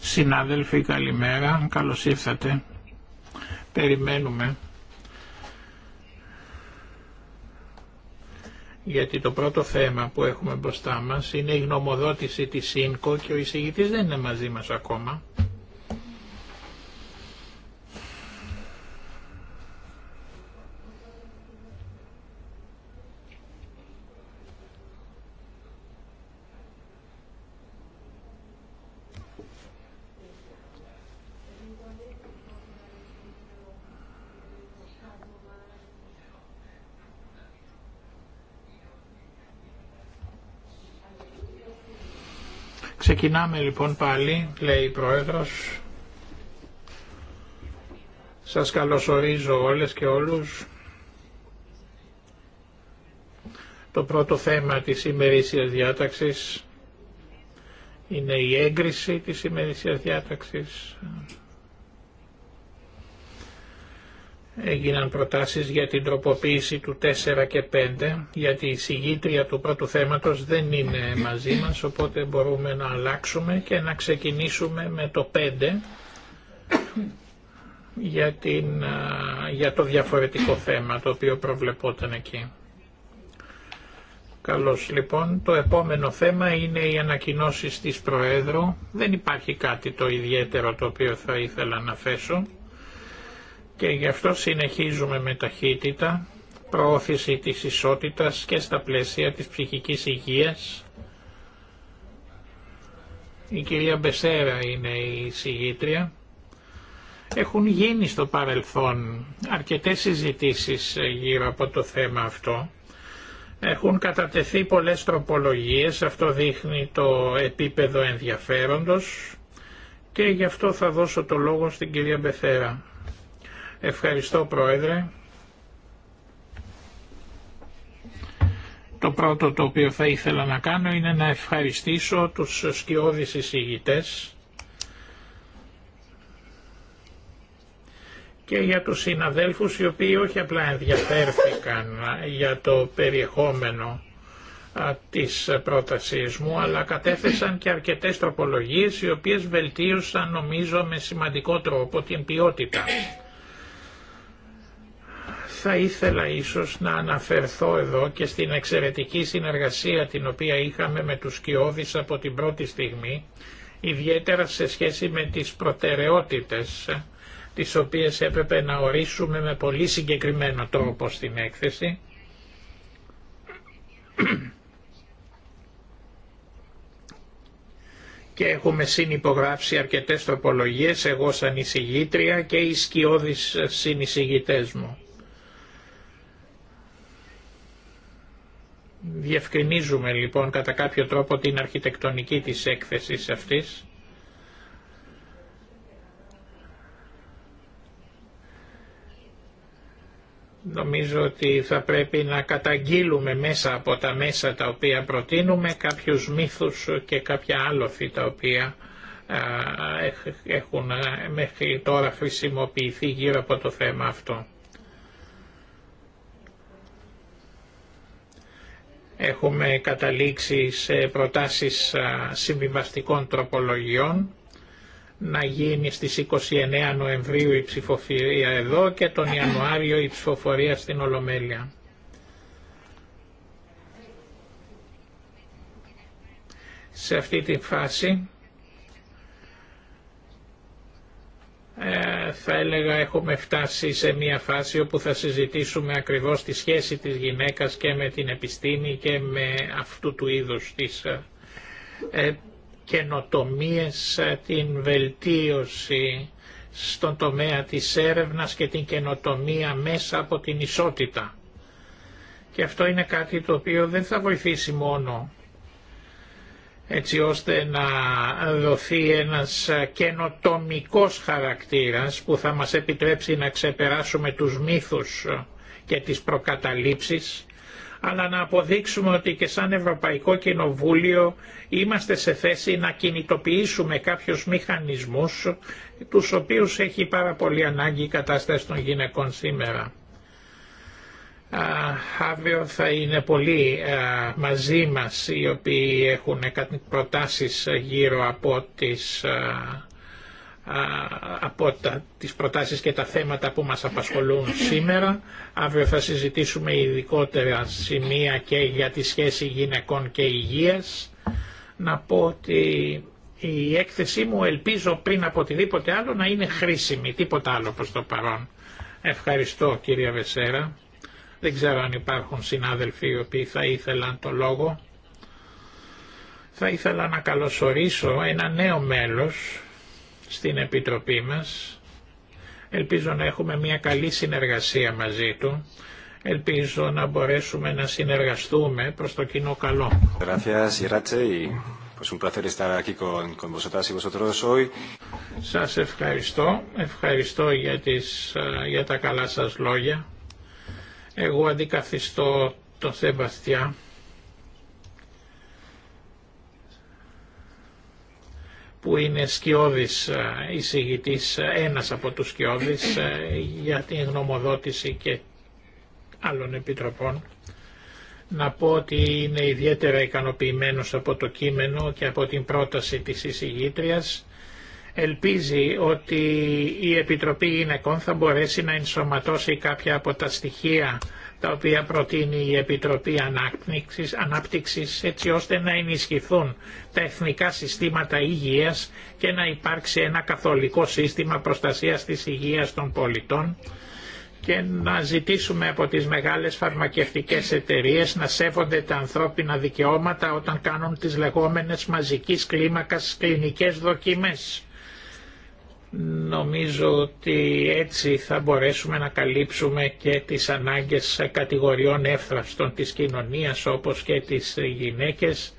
Συνάδελφοι, καλημέρα. Καλώς ήρθατε. Περιμένουμε. Γιατί το πρώτο θέμα που έχουμε μπροστά μας είναι η γνωμοδότηση της ΣΥΝΚΟ και ο εισηγητής δεν είναι μαζί μας ακόμα. Ξεκινάμε λοιπόν πάλι, λέει η Πρόεδρος. Σας καλωσορίζω όλες και όλους. Το πρώτο θέμα της ημερήσιας διάταξης είναι η έγκριση της ημερήσιας διάταξης. έγιναν προτάσεις για την τροποποίηση του 4 και 5, γιατί η συγγήτρια του πρώτου θέματος δεν είναι μαζί μας, οπότε μπορούμε να αλλάξουμε και να ξεκινήσουμε με το 5 για, την, για το διαφορετικό θέμα το οποίο προβλεπόταν εκεί. Καλώς λοιπόν, το επόμενο θέμα είναι οι ανακοινώσει της Προέδρου. Δεν υπάρχει κάτι το ιδιαίτερο το οποίο θα ήθελα να θέσω. Και γι' αυτό συνεχίζουμε με ταχύτητα προώθηση της ισότητας και στα πλαίσια της ψυχικής υγείας. Η κυρία Μπεσέρα είναι η συγγήτρια. Έχουν γίνει στο παρελθόν αρκετές συζητήσεις γύρω από το θέμα αυτό. Έχουν κατατεθεί πολλές τροπολογίες, αυτό δείχνει το επίπεδο ενδιαφέροντος και γι' αυτό θα δώσω το λόγο στην κυρία Μπεθέρα. Ευχαριστώ Πρόεδρε. Το πρώτο το οποίο θα ήθελα να κάνω είναι να ευχαριστήσω τους σκιώδεις εισηγητές και για τους συναδέλφους οι οποίοι όχι απλά ενδιαφέρθηκαν για το περιεχόμενο της πρότασής μου αλλά κατέθεσαν και αρκετές τροπολογίες οι οποίες βελτίωσαν νομίζω με σημαντικό τρόπο την ποιότητα θα ήθελα ίσως να αναφερθώ εδώ και στην εξαιρετική συνεργασία την οποία είχαμε με τους Κιώδης από την πρώτη στιγμή, ιδιαίτερα σε σχέση με τις προτεραιότητες ε, τις οποίες έπρεπε να ορίσουμε με πολύ συγκεκριμένο τρόπο στην έκθεση. Και έχουμε συνυπογράψει αρκετές τροπολογίες, εγώ σαν εισηγήτρια και οι σκιώδεις συνεισηγητές μου. Διευκρινίζουμε λοιπόν κατά κάποιο τρόπο την αρχιτεκτονική της έκθεσης αυτής. Νομίζω ότι θα πρέπει να καταγγείλουμε μέσα από τα μέσα τα οποία προτείνουμε κάποιους μύθους και κάποια άλοθη τα οποία έχουν μέχρι τώρα χρησιμοποιηθεί γύρω από το θέμα αυτό. Έχουμε καταλήξει σε προτάσεις συμβιβαστικών τροπολογιών να γίνει στις 29 Νοεμβρίου η ψηφοφορία εδώ και τον Ιανουάριο η ψηφοφορία στην Ολομέλεια. Σε αυτή τη φάση Ε, θα έλεγα έχουμε φτάσει σε μια φάση όπου θα συζητήσουμε ακριβώς τη σχέση της γυναίκας και με την επιστήμη και με αυτού του είδους της ε, ε, καινοτομίες, την βελτίωση στον τομέα της έρευνας και την καινοτομία μέσα από την ισότητα. Και αυτό είναι κάτι το οποίο δεν θα βοηθήσει μόνο έτσι ώστε να δοθεί ένας καινοτομικός χαρακτήρας που θα μας επιτρέψει να ξεπεράσουμε τους μύθους και τις προκαταλήψεις αλλά να αποδείξουμε ότι και σαν Ευρωπαϊκό Κοινοβούλιο είμαστε σε θέση να κινητοποιήσουμε κάποιους μηχανισμούς τους οποίους έχει πάρα πολύ ανάγκη η κατάσταση των γυναικών σήμερα. Αύριο θα είναι πολλοί μαζί μας οι οποίοι έχουν προτάσεις γύρω από τις, από τα, τις προτάσεις και τα θέματα που μας απασχολούν σήμερα. Αύριο θα συζητήσουμε ειδικότερα σημεία και για τη σχέση γυναικών και υγείας. Να πω ότι η έκθεσή μου ελπίζω πριν από οτιδήποτε άλλο να είναι χρήσιμη, τίποτα άλλο προς το παρόν. Ευχαριστώ κυρία Βεσέρα. Δεν ξέρω αν υπάρχουν συνάδελφοι οι οποίοι θα ήθελαν το λόγο. Θα ήθελα να καλωσορίσω ένα νέο μέλος στην Επιτροπή μας. Ελπίζω να έχουμε μια καλή συνεργασία μαζί του. Ελπίζω να μπορέσουμε να συνεργαστούμε προς το κοινό καλό. Σας ευχαριστώ. Ευχαριστώ για, τις, ε, για τα καλά σας λόγια. Εγώ αντικαθιστώ το Σεμπαστιά. που είναι σκιώδης ε, εισηγητής, ε, ένας από τους σκιώδης ε, για την γνωμοδότηση και άλλων επιτροπών. Να πω ότι είναι ιδιαίτερα ικανοποιημένος από το κείμενο και από την πρόταση της εισηγήτριας ελπίζει ότι η Επιτροπή Γυναικών θα μπορέσει να ενσωματώσει κάποια από τα στοιχεία τα οποία προτείνει η Επιτροπή Ανάπτυξης, Ανάπτυξης έτσι ώστε να ενισχυθούν τα εθνικά συστήματα υγείας και να υπάρξει ένα καθολικό σύστημα προστασίας της υγείας των πολιτών και να ζητήσουμε από τις μεγάλες φαρμακευτικές εταιρείες να σέβονται τα ανθρώπινα δικαιώματα όταν κάνουν τις λεγόμενες μαζικής κλίμακας κλινικές δοκιμές Νομίζω ότι έτσι θα μπορέσουμε να καλύψουμε και τις ανάγκες κατηγοριών εύθραυστων της κοινωνίας όπως και τις γυναίκες.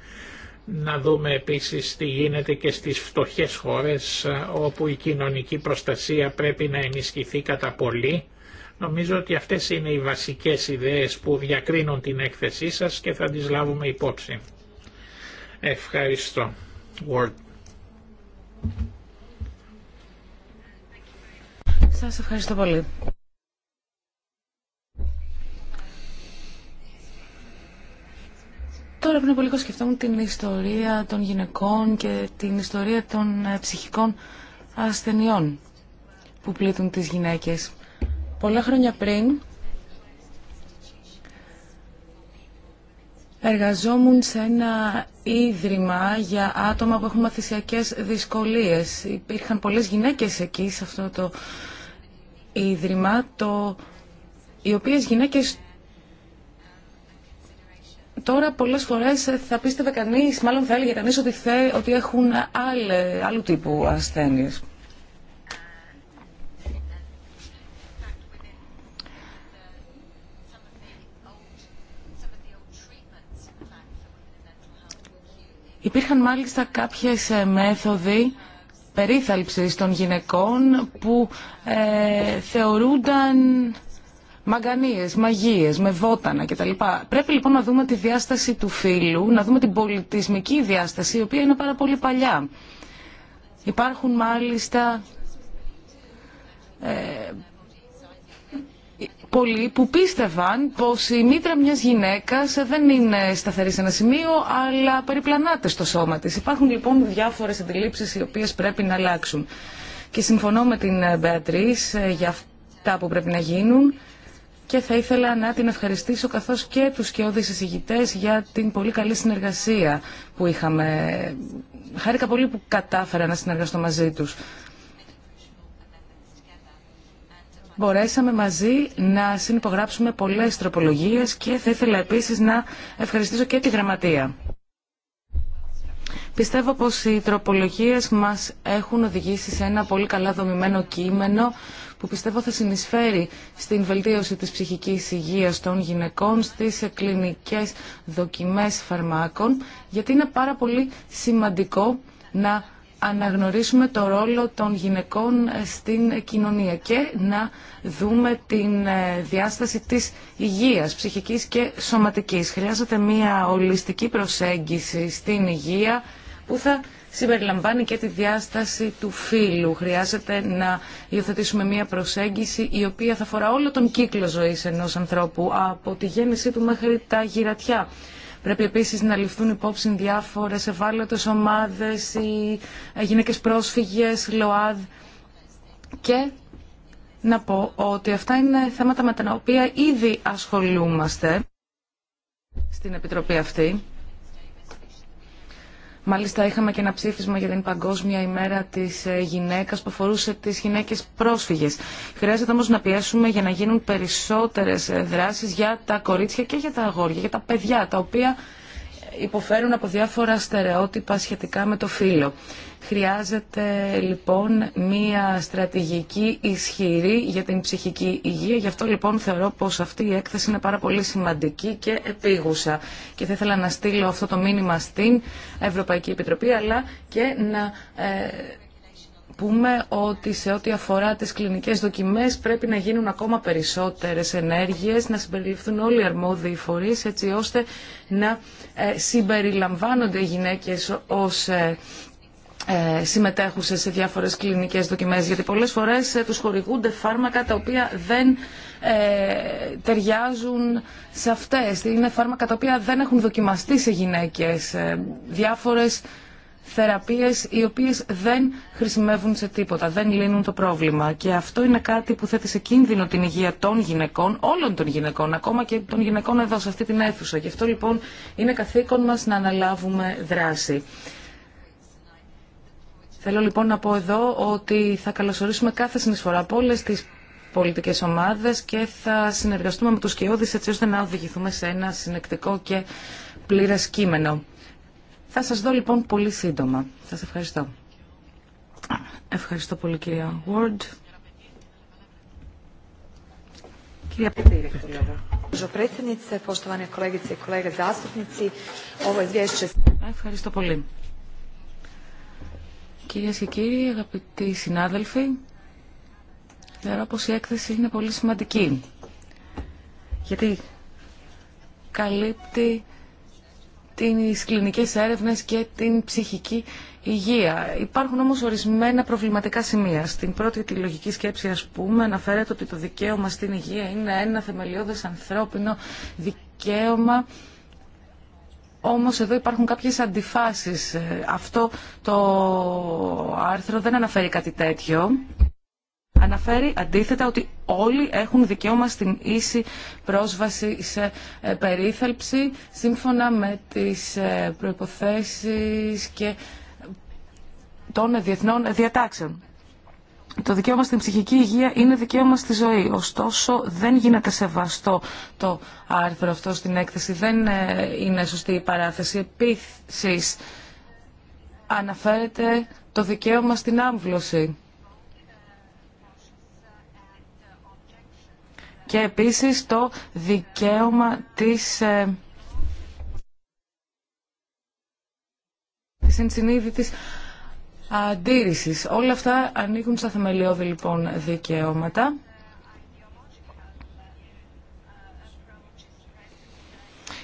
Να δούμε επίσης τι γίνεται και στις φτωχές χώρες όπου η κοινωνική προστασία πρέπει να ενισχυθεί κατά πολύ. Νομίζω ότι αυτές είναι οι βασικές ιδέες που διακρίνουν την έκθεσή σας και θα τις λάβουμε υπόψη. Ευχαριστώ. Σας ευχαριστώ πολύ. Τώρα πριν από λίγο σκεφτόμουν την ιστορία των γυναικών και την ιστορία των ε, ψυχικών ασθενειών που πλήττουν τις γυναίκες. Πολλά χρόνια πριν εργαζόμουν σε ένα ίδρυμα για άτομα που έχουν μαθησιακές δυσκολίες. Υπήρχαν πολλές γυναίκες εκεί σε αυτό το Ίδρυμα, το, οι οποίες γυναίκες τώρα πολλές φορές θα πίστευε κανείς, μάλλον θα έλεγε κανείς ότι, θε, ότι έχουν άλλε, άλλου τύπου ασθένειες. Υπήρχαν μάλιστα κάποιες ε, μέθοδοι περίθαλψης των γυναικών που ε, θεωρούνταν μαγκανίες, μαγείες, με βότανα κτλ. Πρέπει λοιπόν να δούμε τη διάσταση του φύλου, να δούμε την πολιτισμική διάσταση, η οποία είναι πάρα πολύ παλιά. Υπάρχουν μάλιστα ε, πολλοί που πίστευαν πως η μήτρα μιας γυναίκα δεν είναι σταθερή σε ένα σημείο, αλλά περιπλανάται στο σώμα της. Υπάρχουν λοιπόν διάφορες αντιλήψει οι οποίες πρέπει να αλλάξουν. Και συμφωνώ με την ε, Μπέατρη ε, για αυτά που πρέπει να γίνουν και θα ήθελα να την ευχαριστήσω καθώς και τους σκιώδεις εισηγητές για την πολύ καλή συνεργασία που είχαμε. Χάρηκα πολύ που κατάφερα να συνεργαστώ μαζί τους. μπορέσαμε μαζί να συνυπογράψουμε πολλές τροπολογίες και θα ήθελα επίσης να ευχαριστήσω και τη Γραμματεία. Πιστεύω πως οι τροπολογίες μας έχουν οδηγήσει σε ένα πολύ καλά δομημένο κείμενο που πιστεύω θα συνεισφέρει στην βελτίωση της ψυχικής υγείας των γυναικών στις κλινικές δοκιμές φαρμάκων γιατί είναι πάρα πολύ σημαντικό να αναγνωρίσουμε το ρόλο των γυναικών ε, στην κοινωνία και να δούμε την ε, διάσταση της υγείας, ψυχικής και σωματικής. Χρειάζεται μια ολιστική προσέγγιση στην υγεία που θα συμπεριλαμβάνει και τη διάσταση του φύλου. Χρειάζεται να υιοθετήσουμε μια προσέγγιση η οποία θα φορά όλο τον κύκλο ζωής ενός ανθρώπου από τη γέννησή του μέχρι τα γυρατιά. Πρέπει επίσης να ληφθούν υπόψη διάφορες ευάλωτες ομάδες, οι γυναίκες πρόσφυγες, ΛΟΑΔ και να πω ότι αυτά είναι θέματα με τα οποία ήδη ασχολούμαστε στην Επιτροπή αυτή. Μάλιστα είχαμε και ένα ψήφισμα για την Παγκόσμια ημέρα της ε, γυναίκας που αφορούσε τις γυναίκες πρόσφυγες. Χρειάζεται όμω να πιέσουμε για να γίνουν περισσότερες ε, δράσεις για τα κορίτσια και για τα αγόρια, για τα παιδιά, τα οποία υποφέρουν από διάφορα στερεότυπα σχετικά με το φύλλο. Χρειάζεται λοιπόν μία στρατηγική ισχυρή για την ψυχική υγεία. Γι' αυτό λοιπόν θεωρώ πως αυτή η έκθεση είναι πάρα πολύ σημαντική και επίγουσα. Και θα ήθελα να στείλω αυτό το μήνυμα στην Ευρωπαϊκή Επιτροπή αλλά και να... Ε, πούμε ότι σε ό,τι αφορά τις κλινικές δοκιμές πρέπει να γίνουν ακόμα περισσότερες ενέργειες, να συμπεριληφθούν όλοι οι αρμόδιοι φορείς έτσι ώστε να ε, συμπεριλαμβάνονται οι γυναίκες ως ε, ε, συμμετέχουσες σε διάφορες κλινικές δοκιμές γιατί πολλές φορές τους χορηγούνται φάρμακα τα οποία δεν ταιριάζουν σε αυτές. Είναι φάρμακα τα οποία δεν έχουν δοκιμαστεί σε γυναίκες. διάφορες θεραπείες οι οποίες δεν χρησιμεύουν σε τίποτα, δεν λύνουν το πρόβλημα. Και αυτό είναι κάτι που θέτει σε κίνδυνο την υγεία των γυναικών, όλων των γυναικών, ακόμα και των γυναικών εδώ σε αυτή την αίθουσα. Γι' αυτό λοιπόν είναι καθήκον μας να αναλάβουμε δράση. Θέλω λοιπόν να πω εδώ ότι θα καλωσορίσουμε κάθε συνεισφορά από όλες τις πολιτικές ομάδες και θα συνεργαστούμε με τους κοιόδης έτσι ώστε να οδηγηθούμε σε ένα συνεκτικό και πλήρες κείμενο. Θα σας δω λοιπόν πολύ σύντομα. Σας ευχαριστώ. Ευχαριστώ πολύ κυρία Ward. Κυρία Πετήρη, Ευχαριστώ πολύ. Κυρίες και κύριοι, αγαπητοί συνάδελφοι, θεωρώ πως η έκθεση είναι πολύ σημαντική, γιατί καλύπτει τις κλινικές έρευνες και την ψυχική υγεία. Υπάρχουν όμως ορισμένα προβληματικά σημεία. Στην πρώτη τη λογική σκέψη, ας πούμε, αναφέρεται ότι το δικαίωμα στην υγεία είναι ένα θεμελιώδες ανθρώπινο δικαίωμα όμως εδώ υπάρχουν κάποιες αντιφάσεις. Ε, αυτό το άρθρο δεν αναφέρει κάτι τέτοιο αναφέρει αντίθετα ότι όλοι έχουν δικαίωμα στην ίση πρόσβαση σε ε, περίθαλψη σύμφωνα με τις ε, προϋποθέσεις και των διεθνών διατάξεων. Το δικαίωμα στην ψυχική υγεία είναι δικαίωμα στη ζωή. Ωστόσο, δεν γίνεται σεβαστό το άρθρο αυτό στην έκθεση. Δεν ε, είναι σωστή η παράθεση. Επίσης, αναφέρεται το δικαίωμα στην άμβλωση. και επίσης το δικαίωμα της, ε, της ενσυνείδητης αντίρρησης. Όλα αυτά ανοίγουν στα θεμελιώδη λοιπόν δικαιώματα.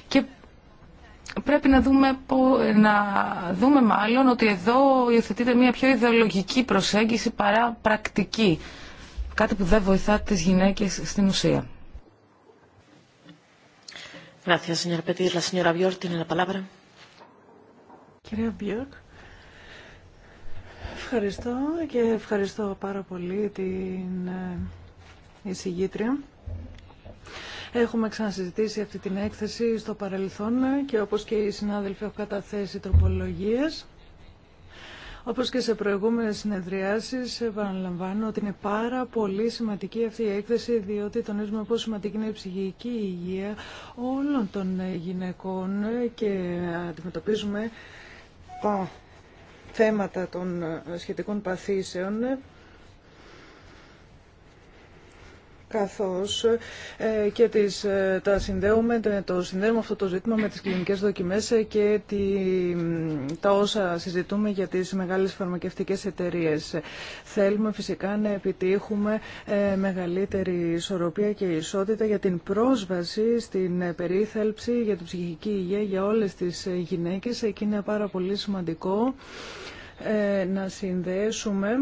Και πρέπει να δούμε, να δούμε μάλλον ότι εδώ υιοθετείται μια πιο ιδεολογική προσέγγιση παρά πρακτική κάτι που δεν βοηθά τις γυναίκες στην ουσία. ευχαριστώ και ευχαριστώ πάρα πολύ την ε, εισηγήτρια. Έχουμε ξανασυζητήσει αυτή την έκθεση στο παρελθόν και όπως και οι συνάδελφοι έχω καταθέσει τροπολογίες. Όπως και σε προηγούμενες συνεδριάσεις, επαναλαμβάνω ότι είναι πάρα πολύ σημαντική αυτή η έκθεση, διότι τονίζουμε πόσο σημαντική είναι η ψυχική υγεία όλων των γυναικών και αντιμετωπίζουμε τα θέματα των σχετικών παθήσεων καθώς ε, και τις, ε, τα συνδέουμε, το συνδέουμε αυτό το ζήτημα με τις κλινικές δοκιμές ε, και τη, τα όσα συζητούμε για τις μεγάλες φαρμακευτικές εταιρείες. Θέλουμε φυσικά να επιτύχουμε μεγαλύτερη ισορροπία και ισότητα για την πρόσβαση στην περίθαλψη, για την ψυχική υγεία για όλες τις γυναίκες. Εκεί είναι πάρα πολύ σημαντικό να συνδέσουμε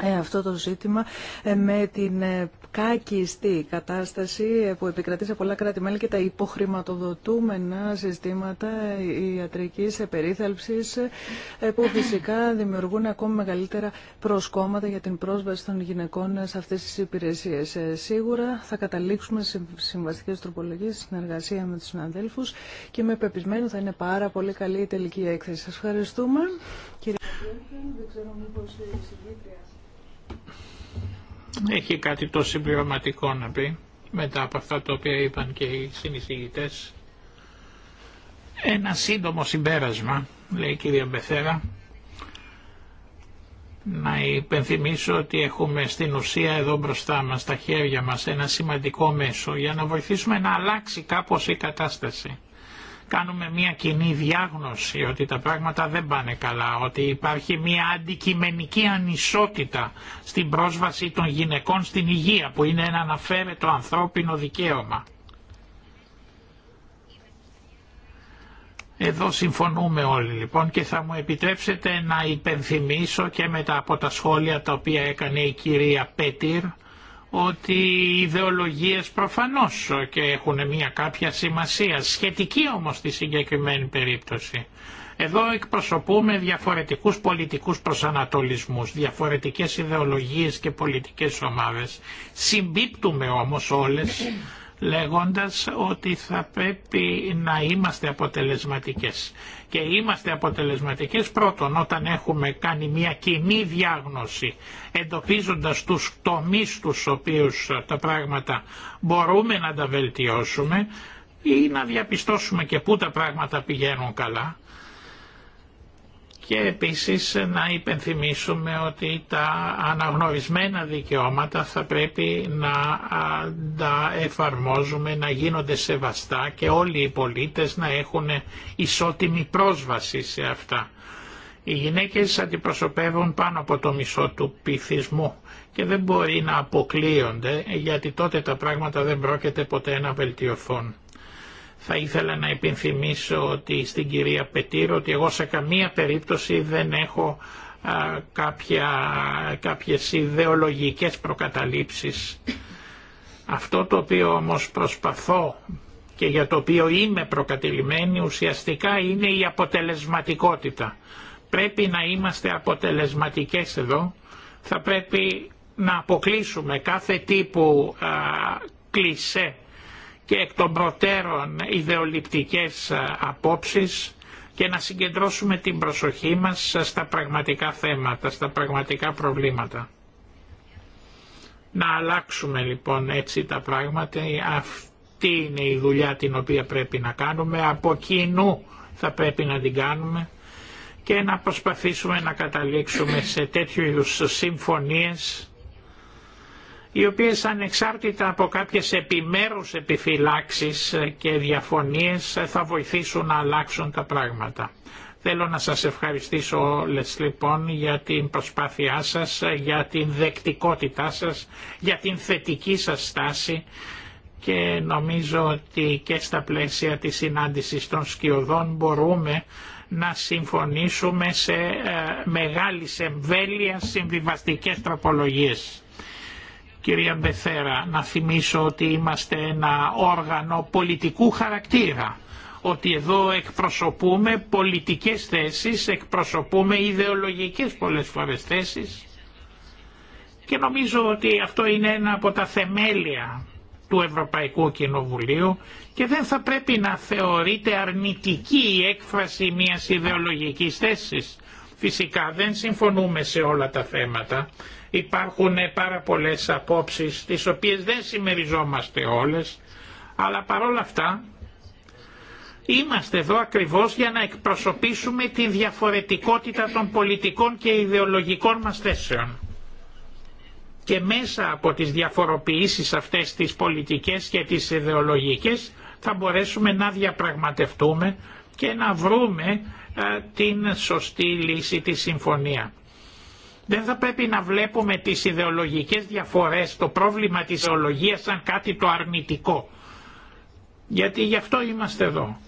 ε, αυτό το ζήτημα ε, με την ε, κάκιστη κατάσταση που επικρατεί σε πολλά κράτη-μέλη και τα υποχρηματοδοτούμενα συστήματα ιατρικής ε, που φυσικά δημιουργούν ακόμη μεγαλύτερα προσκόμματα για την πρόσβαση των γυναικών σε αυτές τις υπηρεσίες. Σίγουρα θα καταλήξουμε σε συμβαστικές τροπολογίες, συνεργασία με τους συναδέλφους και με πεπισμένο θα είναι πάρα πολύ καλή η τελική έκθεση. Σας ευχαριστούμε. Κύριε δεν ξέρω μήπως έχει κάτι τόσο συμπληρωματικό να πει μετά από αυτά τα οποία είπαν και οι συνεισηγητές. Ένα σύντομο συμπέρασμα, λέει η κυρία Μπεθέρα, να υπενθυμίσω ότι έχουμε στην ουσία εδώ μπροστά μας, τα χέρια μας, ένα σημαντικό μέσο για να βοηθήσουμε να αλλάξει κάπως η κατάσταση κάνουμε μια κοινή διάγνωση ότι τα πράγματα δεν πάνε καλά, ότι υπάρχει μια αντικειμενική ανισότητα στην πρόσβαση των γυναικών στην υγεία που είναι ένα αναφέρετο ανθρώπινο δικαίωμα. Εδώ συμφωνούμε όλοι λοιπόν και θα μου επιτρέψετε να υπενθυμίσω και μετά από τα σχόλια τα οποία έκανε η κυρία Πέτυρ ότι οι ιδεολογίες προφανώς και έχουν μια κάποια σημασία, σχετική όμως στη συγκεκριμένη περίπτωση. Εδώ εκπροσωπούμε διαφορετικούς πολιτικούς προσανατολισμούς, διαφορετικές ιδεολογίες και πολιτικές ομάδες. Συμπίπτουμε όμως όλες λέγοντας ότι θα πρέπει να είμαστε αποτελεσματικές. Και είμαστε αποτελεσματικές πρώτον όταν έχουμε κάνει μια κοινή διάγνωση εντοπίζοντας τους τομείς τους οποίους τα πράγματα μπορούμε να τα βελτιώσουμε ή να διαπιστώσουμε και πού τα πράγματα πηγαίνουν καλά και επίσης να υπενθυμίσουμε ότι τα αναγνωρισμένα δικαιώματα θα πρέπει να τα εφαρμόζουμε, να γίνονται σεβαστά και όλοι οι πολίτες να έχουν ισότιμη πρόσβαση σε αυτά. Οι γυναίκες αντιπροσωπεύουν πάνω από το μισό του πληθυσμού και δεν μπορεί να αποκλείονται γιατί τότε τα πράγματα δεν πρόκειται ποτέ να βελτιωθούν. Θα ήθελα να υπενθυμίσω ότι στην κυρία Πετήρο ότι εγώ σε καμία περίπτωση δεν έχω α, κάποια, κάποιες ιδεολογικές προκαταλήψεις. Αυτό το οποίο όμως προσπαθώ και για το οποίο είμαι προκατηλημένη ουσιαστικά είναι η αποτελεσματικότητα. Πρέπει να είμαστε αποτελεσματικές εδώ, θα πρέπει να αποκλείσουμε κάθε τύπου α, κλισέ και εκ των προτέρων ιδεολειπτικές ε, απόψεις και να συγκεντρώσουμε την προσοχή μας ε, στα πραγματικά θέματα, στα πραγματικά προβλήματα. Να αλλάξουμε λοιπόν έτσι τα πράγματα, ε, αυτή είναι η δουλειά την οποία πρέπει να κάνουμε, από κοινού θα πρέπει να την κάνουμε και να προσπαθήσουμε να καταλήξουμε σε τέτοιου είδους συμφωνίες οι οποίες ανεξάρτητα από κάποιες επιμέρους επιφυλάξεις και διαφωνίες θα βοηθήσουν να αλλάξουν τα πράγματα. Θέλω να σας ευχαριστήσω όλες λοιπόν για την προσπάθειά σας, για την δεκτικότητά σας, για την θετική σας στάση και νομίζω ότι και στα πλαίσια της συνάντησης των σκιωδών μπορούμε να συμφωνήσουμε σε ε, μεγάλη εμβέλεια συμβιβαστικές τροπολογίες. Κυρία Μπεθέρα, να θυμίσω ότι είμαστε ένα όργανο πολιτικού χαρακτήρα ότι εδώ εκπροσωπούμε πολιτικές θέσεις, εκπροσωπούμε ιδεολογικές πολλές φορές θέσεις και νομίζω ότι αυτό είναι ένα από τα θεμέλια του Ευρωπαϊκού Κοινοβουλίου και δεν θα πρέπει να θεωρείται αρνητική η έκφραση μιας ιδεολογικής θέσης. Φυσικά δεν συμφωνούμε σε όλα τα θέματα Υπάρχουν πάρα πολλές απόψεις τις οποίες δεν συμμεριζόμαστε όλες αλλά παρόλα αυτά είμαστε εδώ ακριβώς για να εκπροσωπήσουμε τη διαφορετικότητα των πολιτικών και ιδεολογικών μας θέσεων. Και μέσα από τις διαφοροποιήσεις αυτές τις πολιτικές και τις ιδεολογικές θα μπορέσουμε να διαπραγματευτούμε και να βρούμε ε, την σωστή λύση, τη συμφωνία. Δεν θα πρέπει να βλέπουμε τις ιδεολογικές διαφορές, το πρόβλημα της ιδεολογίας σαν κάτι το αρνητικό. Γιατί γι' αυτό είμαστε εδώ.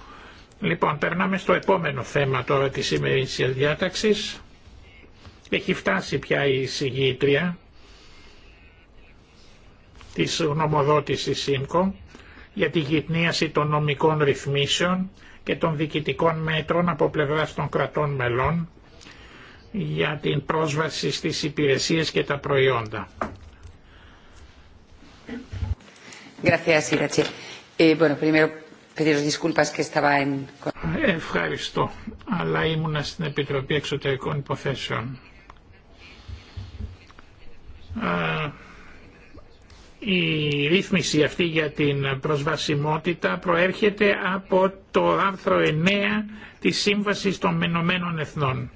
Λοιπόν, περνάμε στο επόμενο θέμα τώρα της ημερήσιας διάταξης. Έχει φτάσει πια η συγγήτρια της γνωμοδότησης ΣΥΝΚΟ για τη γυπνίαση των νομικών ρυθμίσεων και των διοικητικών μέτρων από πλευράς των κρατών μελών για την πρόσβαση στις υπηρεσίες και τα προϊόντα. Ε, Ευχαριστώ, αλλά ήμουνα στην Επιτροπή Εξωτερικών Υποθέσεων. Η ρύθμιση αυτή για την προσβασιμότητα προέρχεται από το άρθρο 9 της Σύμβασης των Μενωμένων Εθνών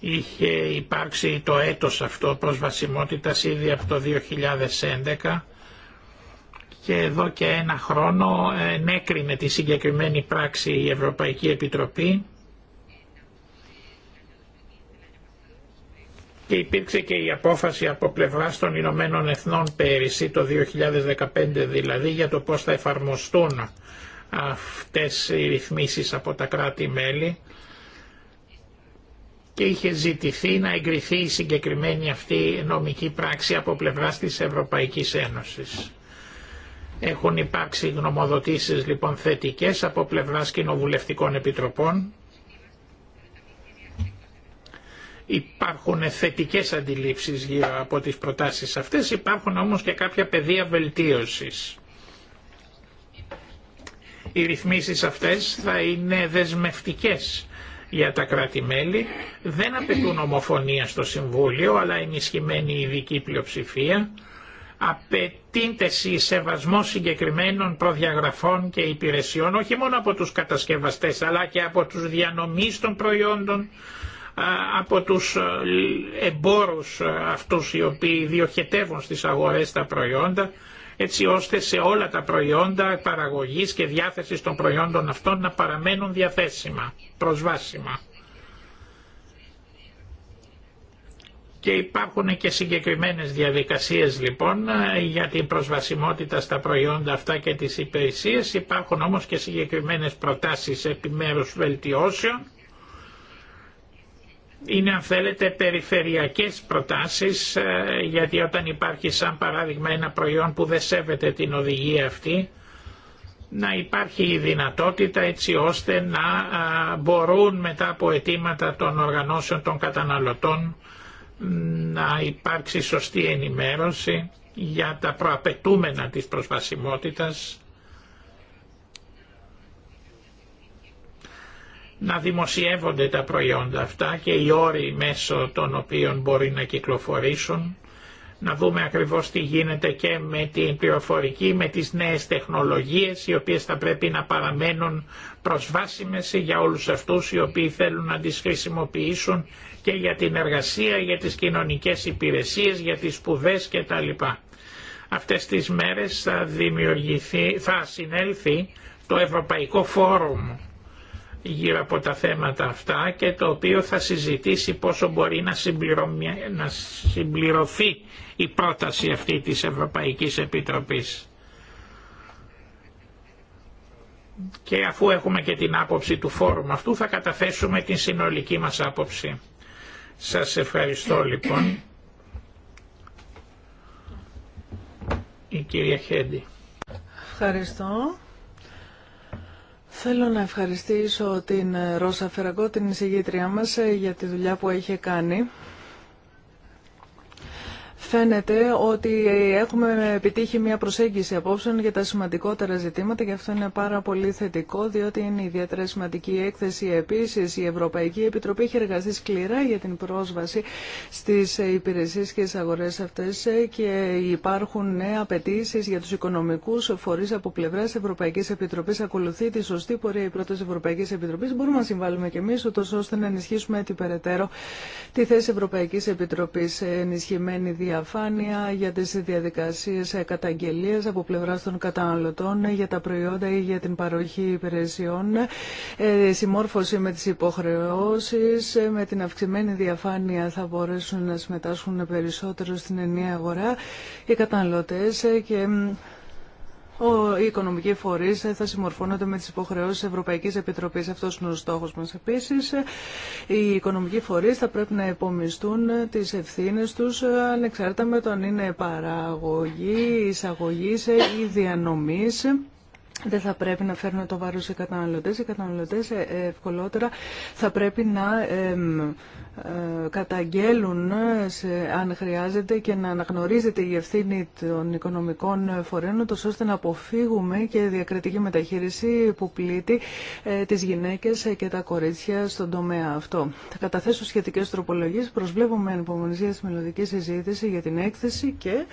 είχε υπάρξει το έτος αυτό προσβασιμότητας ήδη από το 2011 και εδώ και ένα χρόνο ενέκρινε τη συγκεκριμένη πράξη η Ευρωπαϊκή Επιτροπή και υπήρξε και η απόφαση από πλευράς των Ηνωμένων Εθνών πέρυσι το 2015 δηλαδή για το πώς θα εφαρμοστούν αυτές οι ρυθμίσεις από τα κράτη-μέλη και είχε ζητηθεί να εγκριθεί η συγκεκριμένη αυτή νομική πράξη από πλευράς της Ευρωπαϊκής Ένωσης. Έχουν υπάρξει γνωμοδοτήσεις λοιπόν θετικές από πλευράς κοινοβουλευτικών επιτροπών. Υπάρχουν θετικές αντιλήψεις γύρω από τις προτάσεις αυτές, υπάρχουν όμως και κάποια πεδία βελτίωσης. Οι ρυθμίσεις αυτές θα είναι δεσμευτικές για τα κράτη-μέλη δεν απαιτούν ομοφωνία στο Συμβούλιο αλλά ενισχυμένη ειδική πλειοψηφία απαιτείται σεβασμό συγκεκριμένων προδιαγραφών και υπηρεσιών όχι μόνο από τους κατασκευαστές αλλά και από τους διανομείς των προϊόντων από τους ε, εμπόρους ε, αυτούς οι οποίοι διοχετεύουν στις αγορές τα προϊόντα έτσι ώστε σε όλα τα προϊόντα παραγωγής και διάθεσης των προϊόντων αυτών να παραμένουν διαθέσιμα, προσβάσιμα. Και υπάρχουν και συγκεκριμένες διαδικασίες λοιπόν για την προσβασιμότητα στα προϊόντα αυτά και τις υπηρεσίες. Υπάρχουν όμως και συγκεκριμένες προτάσεις επιμέρους βελτιώσεων είναι αν θέλετε περιφερειακές προτάσεις ε, γιατί όταν υπάρχει σαν παράδειγμα ένα προϊόν που δεν σέβεται την οδηγία αυτή να υπάρχει η δυνατότητα έτσι ώστε να μπορούν μετά από αιτήματα των οργανώσεων των καταναλωτών να υπάρξει σωστή ενημέρωση για τα προαπαιτούμενα της προσβασιμότητας να δημοσιεύονται τα προϊόντα αυτά και οι όροι μέσω των οποίων μπορεί να κυκλοφορήσουν, να δούμε ακριβώς τι γίνεται και με την πληροφορική, με τις νέες τεχνολογίες οι οποίες θα πρέπει να παραμένουν προσβάσιμες για όλους αυτούς οι οποίοι θέλουν να τις χρησιμοποιήσουν και για την εργασία, για τις κοινωνικές υπηρεσίες, για τις σπουδέ κτλ. Αυτές τις μέρες θα, δημιουργηθεί, θα συνέλθει το Ευρωπαϊκό Φόρουμ γύρω από τα θέματα αυτά και το οποίο θα συζητήσει πόσο μπορεί να, να συμπληρωθεί η πρόταση αυτή της Ευρωπαϊκής Επιτροπής. Και αφού έχουμε και την άποψη του φόρουμ αυτού θα καταθέσουμε την συνολική μας άποψη. Σας ευχαριστώ λοιπόν. Η κυρία Χέντι. Ευχαριστώ. Θέλω να ευχαριστήσω την Ρώσα Φεραγκό, την εισηγήτριά μας, ε, για τη δουλειά που έχει κάνει. Φαίνεται ότι έχουμε επιτύχει μια προσέγγιση απόψεων για τα σημαντικότερα ζητήματα και αυτό είναι πάρα πολύ θετικό διότι είναι ιδιαίτερα σημαντική η έκθεση. Επίσης η Ευρωπαϊκή Επιτροπή έχει εργαστεί σκληρά για την πρόσβαση στις υπηρεσίες και στις αγορές αυτές και υπάρχουν νέα απαιτήσει για τους οικονομικούς φορείς από πλευράς Ευρωπαϊκής Επιτροπής. Ακολουθεί τη σωστή πορεία η πρώτη Ευρωπαϊκής Επιτροπής. Μπορούμε να συμβάλλουμε και εμεί ούτως ώστε να ενισχύσουμε την τη θέση Ευρωπαϊκής Επιτροπής ενισχυμένη διαφάνεια για τις διαδικασίες καταγγελίας από πλευράς των καταναλωτών για τα προϊόντα ή για την παροχή υπηρεσιών, ε, συμμόρφωση με τις υποχρεώσεις, ε, με την αυξημένη διαφάνεια θα μπορέσουν να συμμετάσχουν περισσότερο στην ενιαία αγορά οι καταναλωτές ε, και οι οικονομικοί φορεί ε, θα συμμορφώνονται με τι υποχρεώσει τη Ευρωπαϊκή Επιτροπή. Αυτό είναι ο στόχο μα. Επίση, ε, οι οικονομικοί φορεί θα πρέπει να υπομιστούν ε, τι ευθύνε του ανεξάρτητα με το αν είναι παραγωγή, εισαγωγή ή διανομή δεν θα πρέπει να φέρουν το βάρος οι καταναλωτές. Οι καταναλωτές ε, ευκολότερα θα πρέπει να ε, καταγγέλουν ε, αν χρειάζεται και να αναγνωρίζεται η ευθύνη των οικονομικών φορέων ώστε να αποφύγουμε και διακριτική μεταχείριση που πλήττει ε, τις γυναίκες και τα κορίτσια στον τομέα αυτό. Θα καταθέσω σχετικές τροπολογίες. Προσβλέπουμε ανυπομονησία στη μελλοντική συζήτηση για την έκθεση και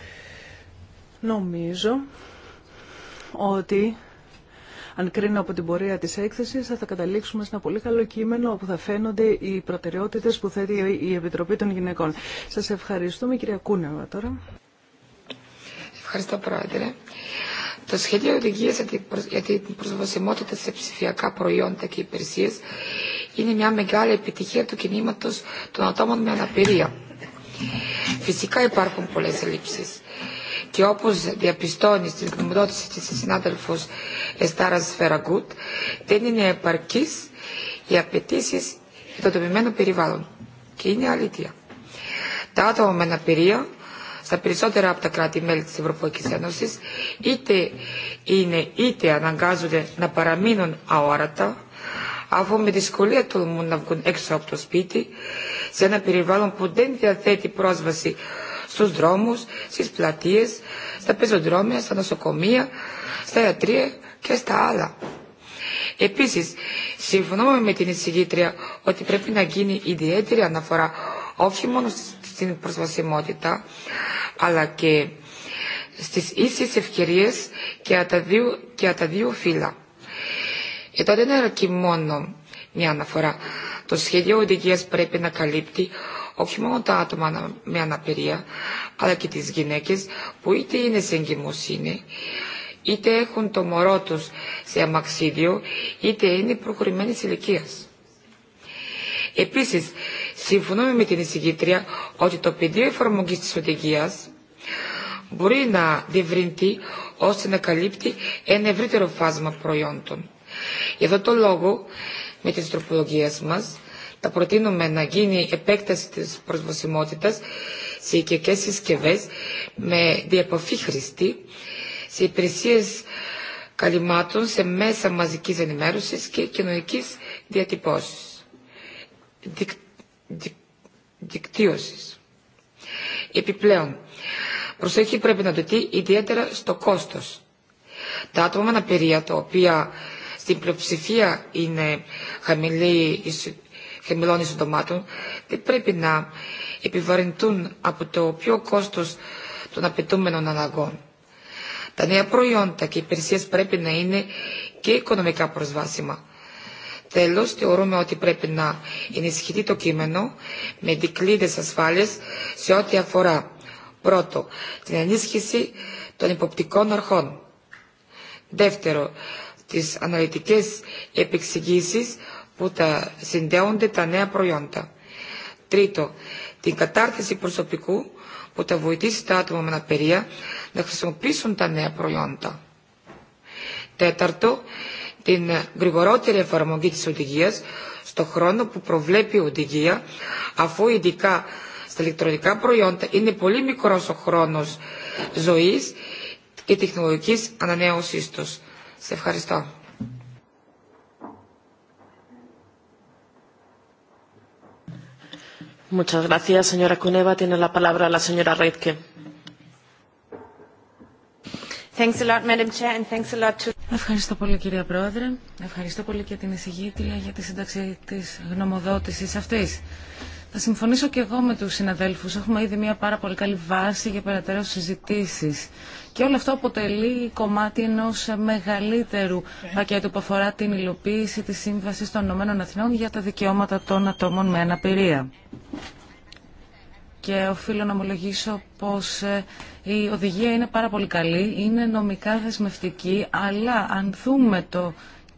νομίζω ότι αν κρίνω από την πορεία της έκθεσης, θα, θα καταλήξουμε σε ένα πολύ καλό κείμενο όπου θα φαίνονται οι προτεραιότητες που θέτει η Επιτροπή των Γυναικών. Σας ευχαριστούμε, κυρία Κούνεβα, τώρα. Ευχαριστώ, Πρόεδρε. Το σχέδιο οδηγία για την προσβασιμότητα σε ψηφιακά προϊόντα και υπηρεσίε είναι μια μεγάλη επιτυχία του κινήματο των ατόμων με αναπηρία. Φυσικά υπάρχουν πολλέ ελλείψει και όπω διαπιστώνει στη γνωμοδότηση τη συνάδελφο Εστάρα Φεραγκούτ, δεν είναι επαρκή οι απαιτήσει για το τοπιμένο περιβάλλον. Και είναι αλήθεια. Τα άτομα με αναπηρία στα περισσότερα από τα κράτη-μέλη της Ευρωπαϊκής Ένωσης είτε είναι είτε αναγκάζονται να παραμείνουν αόρατα αφού με δυσκολία τολμούν να βγουν έξω από το σπίτι σε ένα περιβάλλον που δεν διαθέτει πρόσβαση στους δρόμους, στις πλατείες, στα πεζοδρόμια, στα νοσοκομεία, στα ιατρία και στα άλλα. Επίσης, συμφωνώ με την εισηγήτρια ότι πρέπει να γίνει ιδιαίτερη αναφορά όχι μόνο στην προσβασιμότητα, αλλά και στις ίσες ευκαιρίες και τα δύο, και τα δύο φύλλα. Εδώ δεν είναι μόνο μια αναφορά. Το σχέδιο οδηγίας πρέπει να καλύπτει όχι μόνο τα άτομα με αναπηρία, αλλά και τις γυναίκες που είτε είναι σε εγκυμοσύνη, είτε έχουν το μωρό τους σε αμαξίδιο, είτε είναι προχωρημένης ηλικία. Επίσης, συμφωνούμε με την εισηγήτρια ότι το πεδίο εφαρμογής της οδηγίας μπορεί να διευρυνθεί ώστε να καλύπτει ένα ευρύτερο φάσμα προϊόντων. Για αυτό το λόγο, με τις τροπολογίες μας, θα προτείνουμε να γίνει επέκταση της προσβοσιμότητας σε οικιακές συσκευέ με διαποφή χρηστή, σε υπηρεσίε καλυμμάτων, σε μέσα μαζικής ενημέρωσης και κοινωνικής διατυπώσης. Δικ, δικτύωσης. Επιπλέον, προσοχή πρέπει να δοτεί ιδιαίτερα στο κόστος. Τα άτομα με αναπηρία, τα οποία στην πλειοψηφία είναι χαμηλή στο εισοδομάτων δεν πρέπει να επιβαρυνθούν από το πιο κόστο των απαιτούμενων αναγκών. Τα νέα προϊόντα και υπηρεσίε πρέπει να είναι και οικονομικά προσβάσιμα. Τέλο, θεωρούμε ότι πρέπει να ενισχυθεί το κείμενο με δικλείδε ασφάλεια σε ό,τι αφορά πρώτο την ενίσχυση των υποπτικών αρχών. Δεύτερο, τις αναλυτικές επεξηγήσεις που τα συνδέονται τα νέα προϊόντα. Τρίτο, την κατάρτιση προσωπικού που θα βοηθήσει τα άτομα με αναπηρία να χρησιμοποιήσουν τα νέα προϊόντα. Τέταρτο, την γρηγορότερη εφαρμογή της οδηγίας στο χρόνο που προβλέπει η οδηγία, αφού ειδικά στα ηλεκτρονικά προϊόντα είναι πολύ μικρός ο χρόνος ζωής και τεχνολογικής ανανέωσής τους. Σε ευχαριστώ. Muchas gracias, señora Kuneva. Tiene la palabra la señora Reitke. Thanks a lot, Madam Chair, and thanks a lot to... Ευχαριστώ πολύ κυρία Πρόεδρε. Ευχαριστώ πολύ και την εισηγήτρια για τη σύνταξη της γνωμοδότησης αυτής. Θα συμφωνήσω και εγώ με τους συναδέλφους. Έχουμε ήδη μια πάρα πολύ καλή βάση για περαιτέρω συζητήσεις. Και όλο αυτό αποτελεί κομμάτι ενός μεγαλύτερου πακέτου που αφορά την υλοποίηση της Σύμβασης των Ηνωμένων Αθηνών για τα δικαιώματα των ατόμων με αναπηρία. Και οφείλω να ομολογήσω πως ε, η οδηγία είναι πάρα πολύ καλή, είναι νομικά δεσμευτική, αλλά αν δούμε το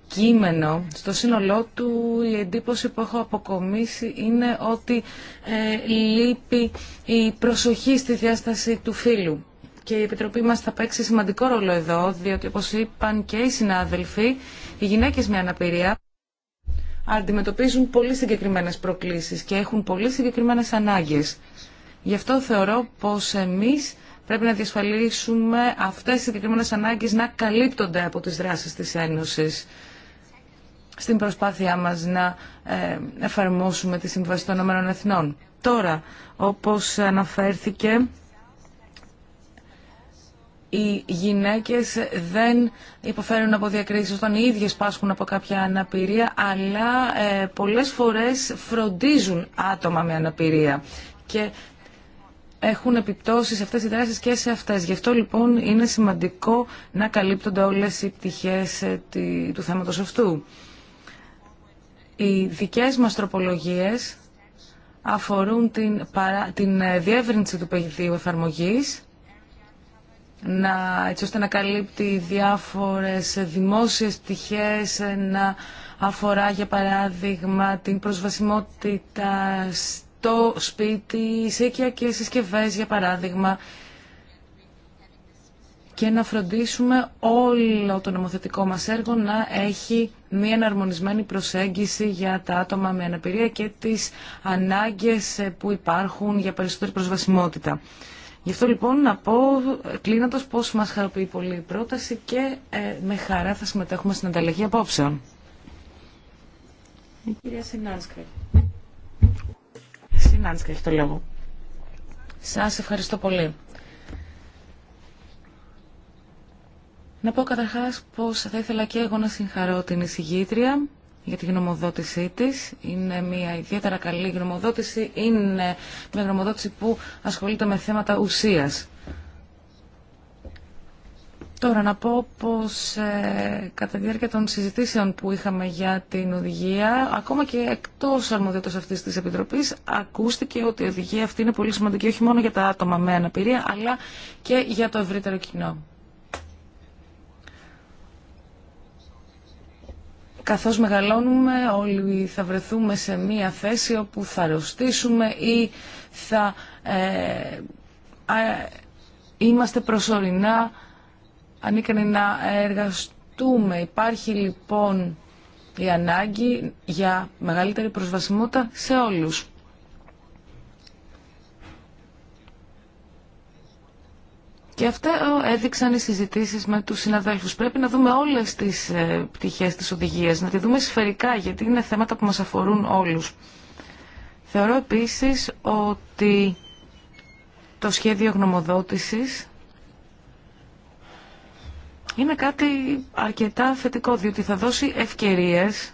κείμενο, στο σύνολό του η εντύπωση που έχω αποκομίσει είναι ότι ε, λείπει η προσοχή στη διάσταση του φύλου. Και η Επιτροπή μας θα παίξει σημαντικό ρόλο εδώ, διότι όπως είπαν και οι συνάδελφοι, οι γυναίκες με αναπηρία αντιμετωπίζουν πολύ συγκεκριμένες προκλήσεις και έχουν πολύ συγκεκριμένες ανάγκες. Γι' αυτό θεωρώ πως εμείς πρέπει να διασφαλίσουμε αυτές οι συγκεκριμένες ανάγκες να καλύπτονται από τις δράσεις της Ένωσης στην προσπάθειά μας να ε, εφαρμόσουμε τη Σύμβαση των Ηνωμένων Εθνών. Τώρα, όπως αναφέρθηκε, οι γυναίκες δεν υποφέρουν από διακρίσεις όταν οι ίδιες πάσχουν από κάποια αναπηρία, αλλά ε, πολλές φορές φροντίζουν άτομα με αναπηρία και έχουν επιπτώσεις αυτές οι δράσεις και σε αυτές. Γι' αυτό λοιπόν είναι σημαντικό να καλύπτονται όλες οι πτυχές ε, του θέματος αυτού. Οι δικές μας τροπολογίες αφορούν την, παρά, την ε, διεύρυνση του πεδίου εφαρμογής, να, έτσι ώστε να καλύπτει διάφορες δημόσιες πτυχές, να αφορά για παράδειγμα την προσβασιμότητα στο σπίτι, σε οικιακές συσκευές για παράδειγμα, και να φροντίσουμε όλο το νομοθετικό μας έργο να έχει μία εναρμονισμένη προσέγγιση για τα άτομα με αναπηρία και τις ανάγκες που υπάρχουν για περισσότερη προσβασιμότητα. Γι' αυτό λοιπόν να πω κλείνοντας πως μας χαροποιεί πολύ η πρόταση και ε, με χαρά θα συμμετέχουμε στην ανταλλαγή απόψεων. Η κυρία το Σας ευχαριστώ πολύ. Να πω καταρχάς πως θα ήθελα και εγώ να συγχαρώ την εισηγήτρια για τη γνωμοδότησή της. Είναι μια ιδιαίτερα καλή γνωμοδότηση. Είναι μια γνωμοδότηση που ασχολείται με θέματα ουσίας. Τώρα να πω πως ε, κατά τη διάρκεια των συζητήσεων που είχαμε για την οδηγία, ακόμα και εκτός αρμοδιότητας αυτής της Επιτροπής, ακούστηκε ότι η οδηγία αυτή είναι πολύ σημαντική όχι μόνο για τα άτομα με αναπηρία, αλλά και για το ευρύτερο κοινό. καθώς μεγαλώνουμε όλοι θα βρεθούμε σε μία θέση όπου θα αρρωστήσουμε ή θα ε, είμαστε προσωρινά ανίκανοι να εργαστούμε. Υπάρχει λοιπόν η ανάγκη για μεγαλύτερη προσβασιμότητα σε όλους. Και αυτά ε, έδειξαν οι συζητήσεις με τους συναδέλφους. Πρέπει να δούμε όλες τις ε, πτυχές της οδηγίας, να τη δούμε σφαιρικά, γιατί είναι θέματα που μας αφορούν όλους. Θεωρώ επίσης ότι το σχέδιο γνωμοδότησης είναι κάτι αρκετά θετικό, διότι θα δώσει ευκαιρίες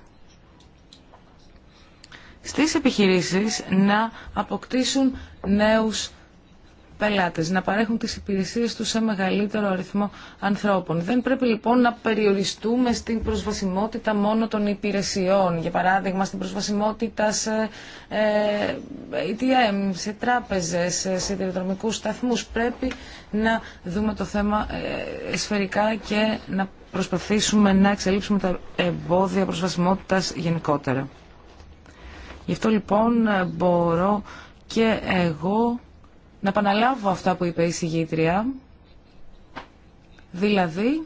στις επιχειρήσεις να αποκτήσουν νέους πελάτες, να παρέχουν τις υπηρεσίες τους σε μεγαλύτερο αριθμό ανθρώπων. Δεν πρέπει λοιπόν να περιοριστούμε στην προσβασιμότητα μόνο των υπηρεσιών, για παράδειγμα στην προσβασιμότητα σε ε, ε σε τράπεζες, σε τα σταθμούς. Πρέπει να δούμε το θέμα ε, σφαιρικά και να προσπαθήσουμε να εξελίψουμε τα εμπόδια προσβασιμότητας γενικότερα. Γι' αυτό λοιπόν μπορώ και εγώ να επαναλάβω αυτά που είπε η συγγήτρια, δηλαδή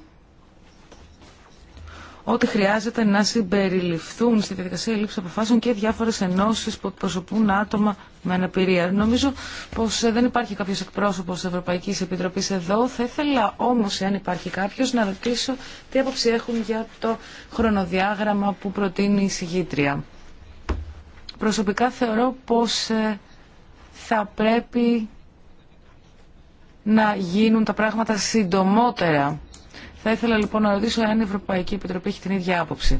ότι χρειάζεται να συμπεριληφθούν στη διαδικασία λήψη αποφάσεων και διάφορε ενώσει που εκπροσωπούν άτομα με αναπηρία. Νομίζω πω ε, δεν υπάρχει κάποιο εκπρόσωπο τη Ευρωπαϊκή Επιτροπή εδώ. Θα ήθελα όμω, εάν υπάρχει κάποιο, να ρωτήσω τι άποψη έχουν για το χρονοδιάγραμμα που προτείνει η συγγήτρια. Προσωπικά θεωρώ πως ε, θα πρέπει να γίνουν τα πράγματα συντομότερα. Θα ήθελα λοιπόν να ρωτήσω αν η Ευρωπαϊκή Επιτροπή έχει την ίδια άποψη.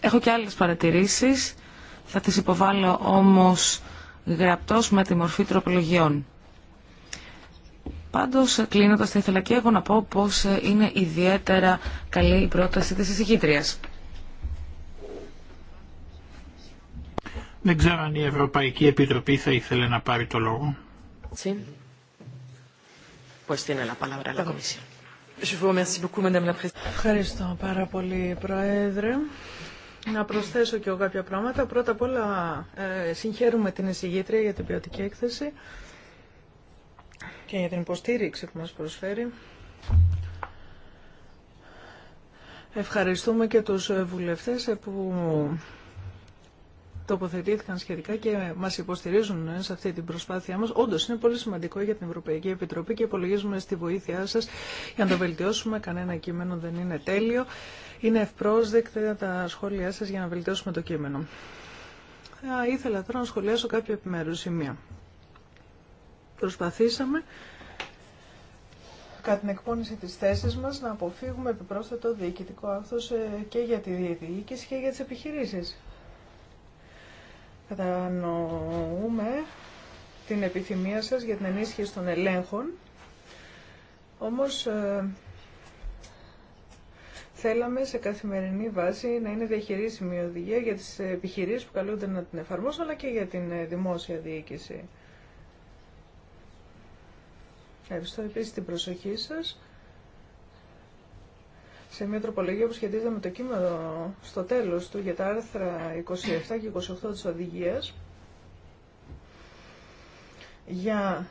Έχω και άλλες παρατηρήσεις, θα τις υποβάλω όμως γραπτός με τη μορφή τροπολογιών. Πάντως, κλείνοντας, θα ήθελα και εγώ να πω πως είναι ιδιαίτερα καλή η πρόταση της εισηγήτριας. Δεν ξέρω αν η Ευρωπαϊκή Επιτροπή θα ήθελε να πάρει το λόγο. Ευχαριστώ πάρα πολύ, Πρόεδρε. Να προσθέσω και εγώ κάποια πράγματα. Πρώτα απ' όλα ε, συγχαίρουμε την εισηγήτρια για την ποιοτική έκθεση και για την υποστήριξη που μας προσφέρει. Ευχαριστούμε και τους βουλευτές που τοποθετήθηκαν σχετικά και μας υποστηρίζουν ε, σε αυτή την προσπάθειά μας. Όντως είναι πολύ σημαντικό για την Ευρωπαϊκή Επιτροπή και υπολογίζουμε στη βοήθειά σας για να το βελτιώσουμε. Κανένα κείμενο δεν είναι τέλειο. Είναι ευπρόσδεκτα τα σχόλιά σας για να βελτιώσουμε το κείμενο. Θα ήθελα τώρα να σχολιάσω κάποια επιμέρους σημεία. Προσπαθήσαμε κατά την εκπόνηση της θέσης μας να αποφύγουμε επιπρόσθετο διοικητικό άρθος ε, και για τη διοίκηση και για τις επιχειρήσεις. Κατανοούμε την επιθυμία σας για την ενίσχυση των ελέγχων, όμως ε, θέλαμε σε καθημερινή βάση να είναι διαχειρίσιμη η οδηγία για τις επιχειρήσεις που καλούνται να την εφαρμόσουν, αλλά και για την ε, δημόσια διοίκηση. Ευχαριστώ επίσης την προσοχή σας σε μια τροπολογία που σχετίζεται με το κείμενο στο τέλος του για τα άρθρα 27 και 28 της οδηγίας για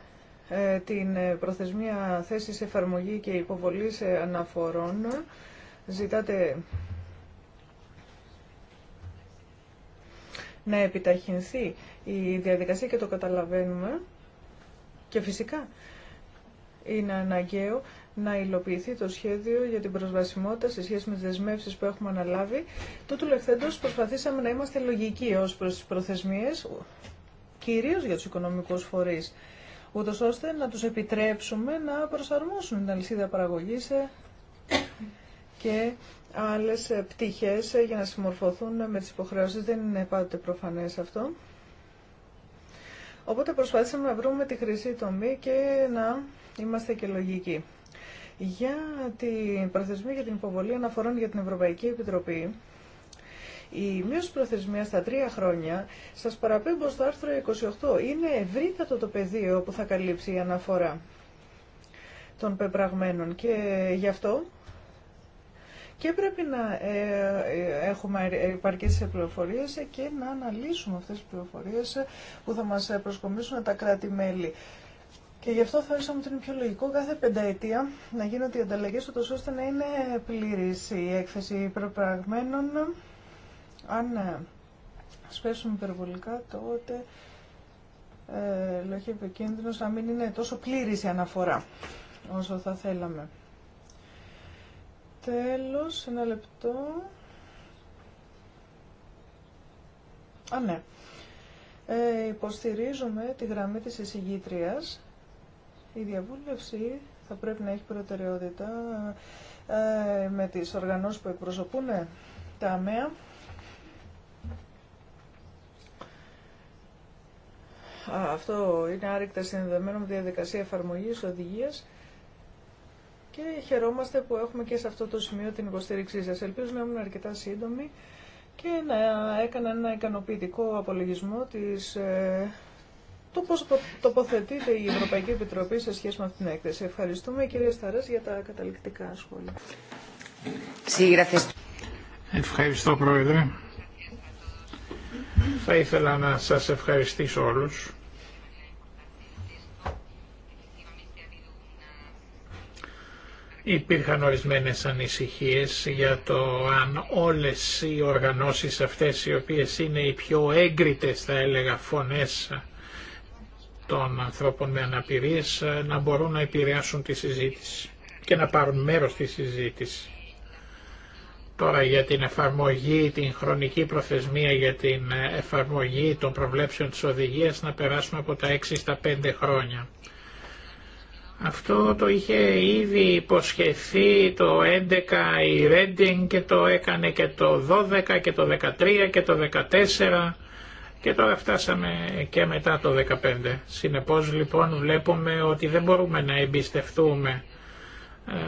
ε, την ε, προθεσμία θέσης εφαρμογή και υποβολής αναφορών ζητάτε να επιταχυνθεί η διαδικασία και το καταλαβαίνουμε και φυσικά είναι αναγκαίο να υλοποιηθεί το σχέδιο για την προσβασιμότητα σε σχέση με τι δεσμεύσει που έχουμε αναλάβει, τούτου λεχθέντω προσπαθήσαμε να είμαστε λογικοί ω προ τι προθεσμίε, κυρίω για του οικονομικού φορεί, ούτω ώστε να του επιτρέψουμε να προσαρμόσουν την αλυσίδα παραγωγής και άλλε πτυχέ για να συμμορφωθούν με τι υποχρεώσει, Δεν είναι πάντοτε προφανέ αυτό. Οπότε προσπαθήσαμε να βρούμε τη χρυσή τομή και να είμαστε και λογικοί για την προθεσμία για την υποβολή αναφορών για την Ευρωπαϊκή Επιτροπή. Η μείωση προθεσμία στα τρία χρόνια σας παραπέμπω στο άρθρο 28. Είναι ευρύτατο το πεδίο που θα καλύψει η αναφορά των πεπραγμένων και γι' αυτό και πρέπει να ε, ε, έχουμε υπαρκές πληροφορίες και να αναλύσουμε αυτές τις πληροφορίες που θα μας προσκομίσουν τα κράτη-μέλη. Και γι' αυτό θεωρήσαμε ότι είναι πιο λογικό κάθε πενταετία να γίνονται οι ανταλλαγές, ούτως ώστε να είναι πλήρης η έκθεση προπραγμένων. Αν ε, σπέσουμε υπερβολικά, τότε ε, λόγια επικίνδυνο να μην είναι τόσο πλήρης η αναφορά όσο θα θέλαμε. Τέλος, ένα λεπτό. Α, ναι. Ε, υποστηρίζουμε τη γραμμή της εισηγήτριας η διαβούλευση θα πρέπει να έχει προτεραιότητα ε, με τις οργανώσεις που εκπροσωπούν ε, τα ΑΜΕΑ. Αυτό είναι άρρηκτα συνδεδεμένο με τη διαδικασία εφαρμογής οδηγίας και χαιρόμαστε που έχουμε και σε αυτό το σημείο την υποστήριξή σας. Ελπίζω να ήμουν αρκετά σύντομη και να έκανα ένα ικανοποιητικό απολογισμό της ε, το πώς τοποθετείται η Ευρωπαϊκή Επιτροπή σε σχέση με αυτήν την έκθεση. Ευχαριστούμε κυρία Σταρές για τα καταληκτικά σχόλια. Ευχαριστώ Πρόεδρε. Θα ήθελα να σας ευχαριστήσω όλους. Υπήρχαν ορισμένες ανησυχίες για το αν όλες οι οργανώσεις αυτές οι οποίες είναι οι πιο έγκριτες θα έλεγα φωνές των ανθρώπων με αναπηρίες ε, να μπορούν να επηρεάσουν τη συζήτηση και να πάρουν μέρος στη συζήτηση. Τώρα για την εφαρμογή, την χρονική προθεσμία για την ε, εφαρμογή των προβλέψεων της οδηγίας να περάσουμε από τα 6 στα 5 χρόνια. Αυτό το είχε ήδη υποσχεθεί το 11 η Reading και το έκανε και το 12 και το 13 και το 14 και τώρα φτάσαμε και μετά το 2015. Συνεπώς λοιπόν βλέπουμε ότι δεν μπορούμε να εμπιστευτούμε ε,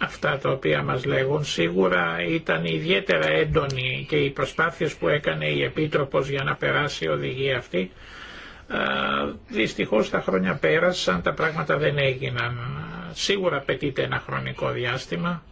αυτά τα οποία μας λέγουν. Σίγουρα ήταν ιδιαίτερα έντονη και οι προσπάθειες που έκανε η Επίτροπος για να περάσει η οδηγία αυτή. Ε, δυστυχώς τα χρόνια πέρασαν, τα πράγματα δεν έγιναν. Σίγουρα απαιτείται ένα χρονικό διάστημα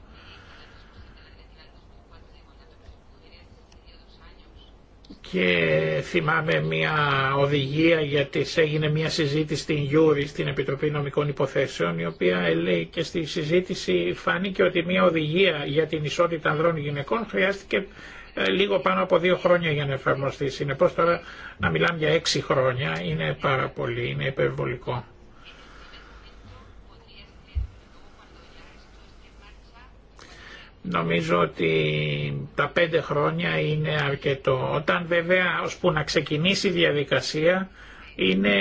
και θυμάμαι μια οδηγία γιατί έγινε μια συζήτηση στην Γιούρη, στην Επιτροπή Νομικών Υποθέσεων, η οποία λέει και στη συζήτηση φάνηκε ότι μια οδηγία για την ισότητα ανδρών γυναικών χρειάστηκε ε, λίγο πάνω από δύο χρόνια για να εφαρμοστεί. Συνεπώ τώρα να μιλάμε για έξι χρόνια είναι πάρα πολύ, είναι υπερβολικό. Νομίζω ότι τα πέντε χρόνια είναι αρκετό. Όταν βέβαια που να ξεκινήσει η διαδικασία είναι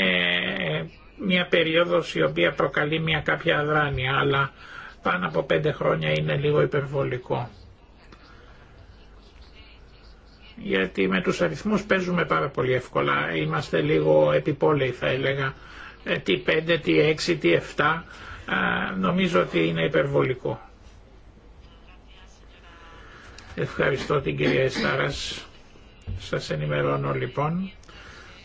μια περίοδος η οποία προκαλεί μια κάποια αδράνεια, αλλά πάνω από πέντε χρόνια είναι λίγο υπερβολικό. Γιατί με τους αριθμούς παίζουμε πάρα πολύ εύκολα, είμαστε λίγο επιπόλαιοι θα έλεγα, ε, τι πέντε, τι έξι, τι εφτά ε, νομίζω ότι είναι υπερβολικό. Ευχαριστώ την κυρία Εστάρας. Σας ενημερώνω λοιπόν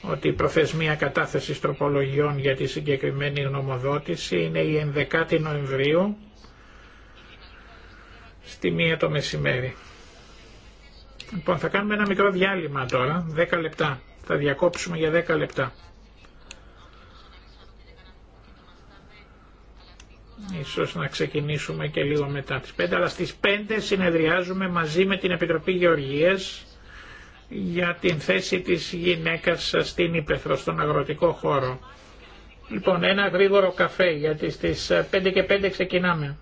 ότι η προθεσμία κατάθεσης τροπολογιών για τη συγκεκριμένη γνωμοδότηση είναι η 11η Νοεμβρίου στη μία το μεσημέρι. Λοιπόν, θα κάνουμε ένα μικρό διάλειμμα τώρα, 10 λεπτά. Θα διακόψουμε για 10 λεπτά. Ίσως να ξεκινήσουμε και λίγο μετά τις 5, αλλά στις 5 συνεδριάζουμε μαζί με την Επιτροπή Γεωργίας για την θέση της γυναίκας στην Ήπεθρο, στον αγροτικό χώρο. Λοιπόν, ένα γρήγορο καφέ, γιατί στις 5 και 5 ξεκινάμε.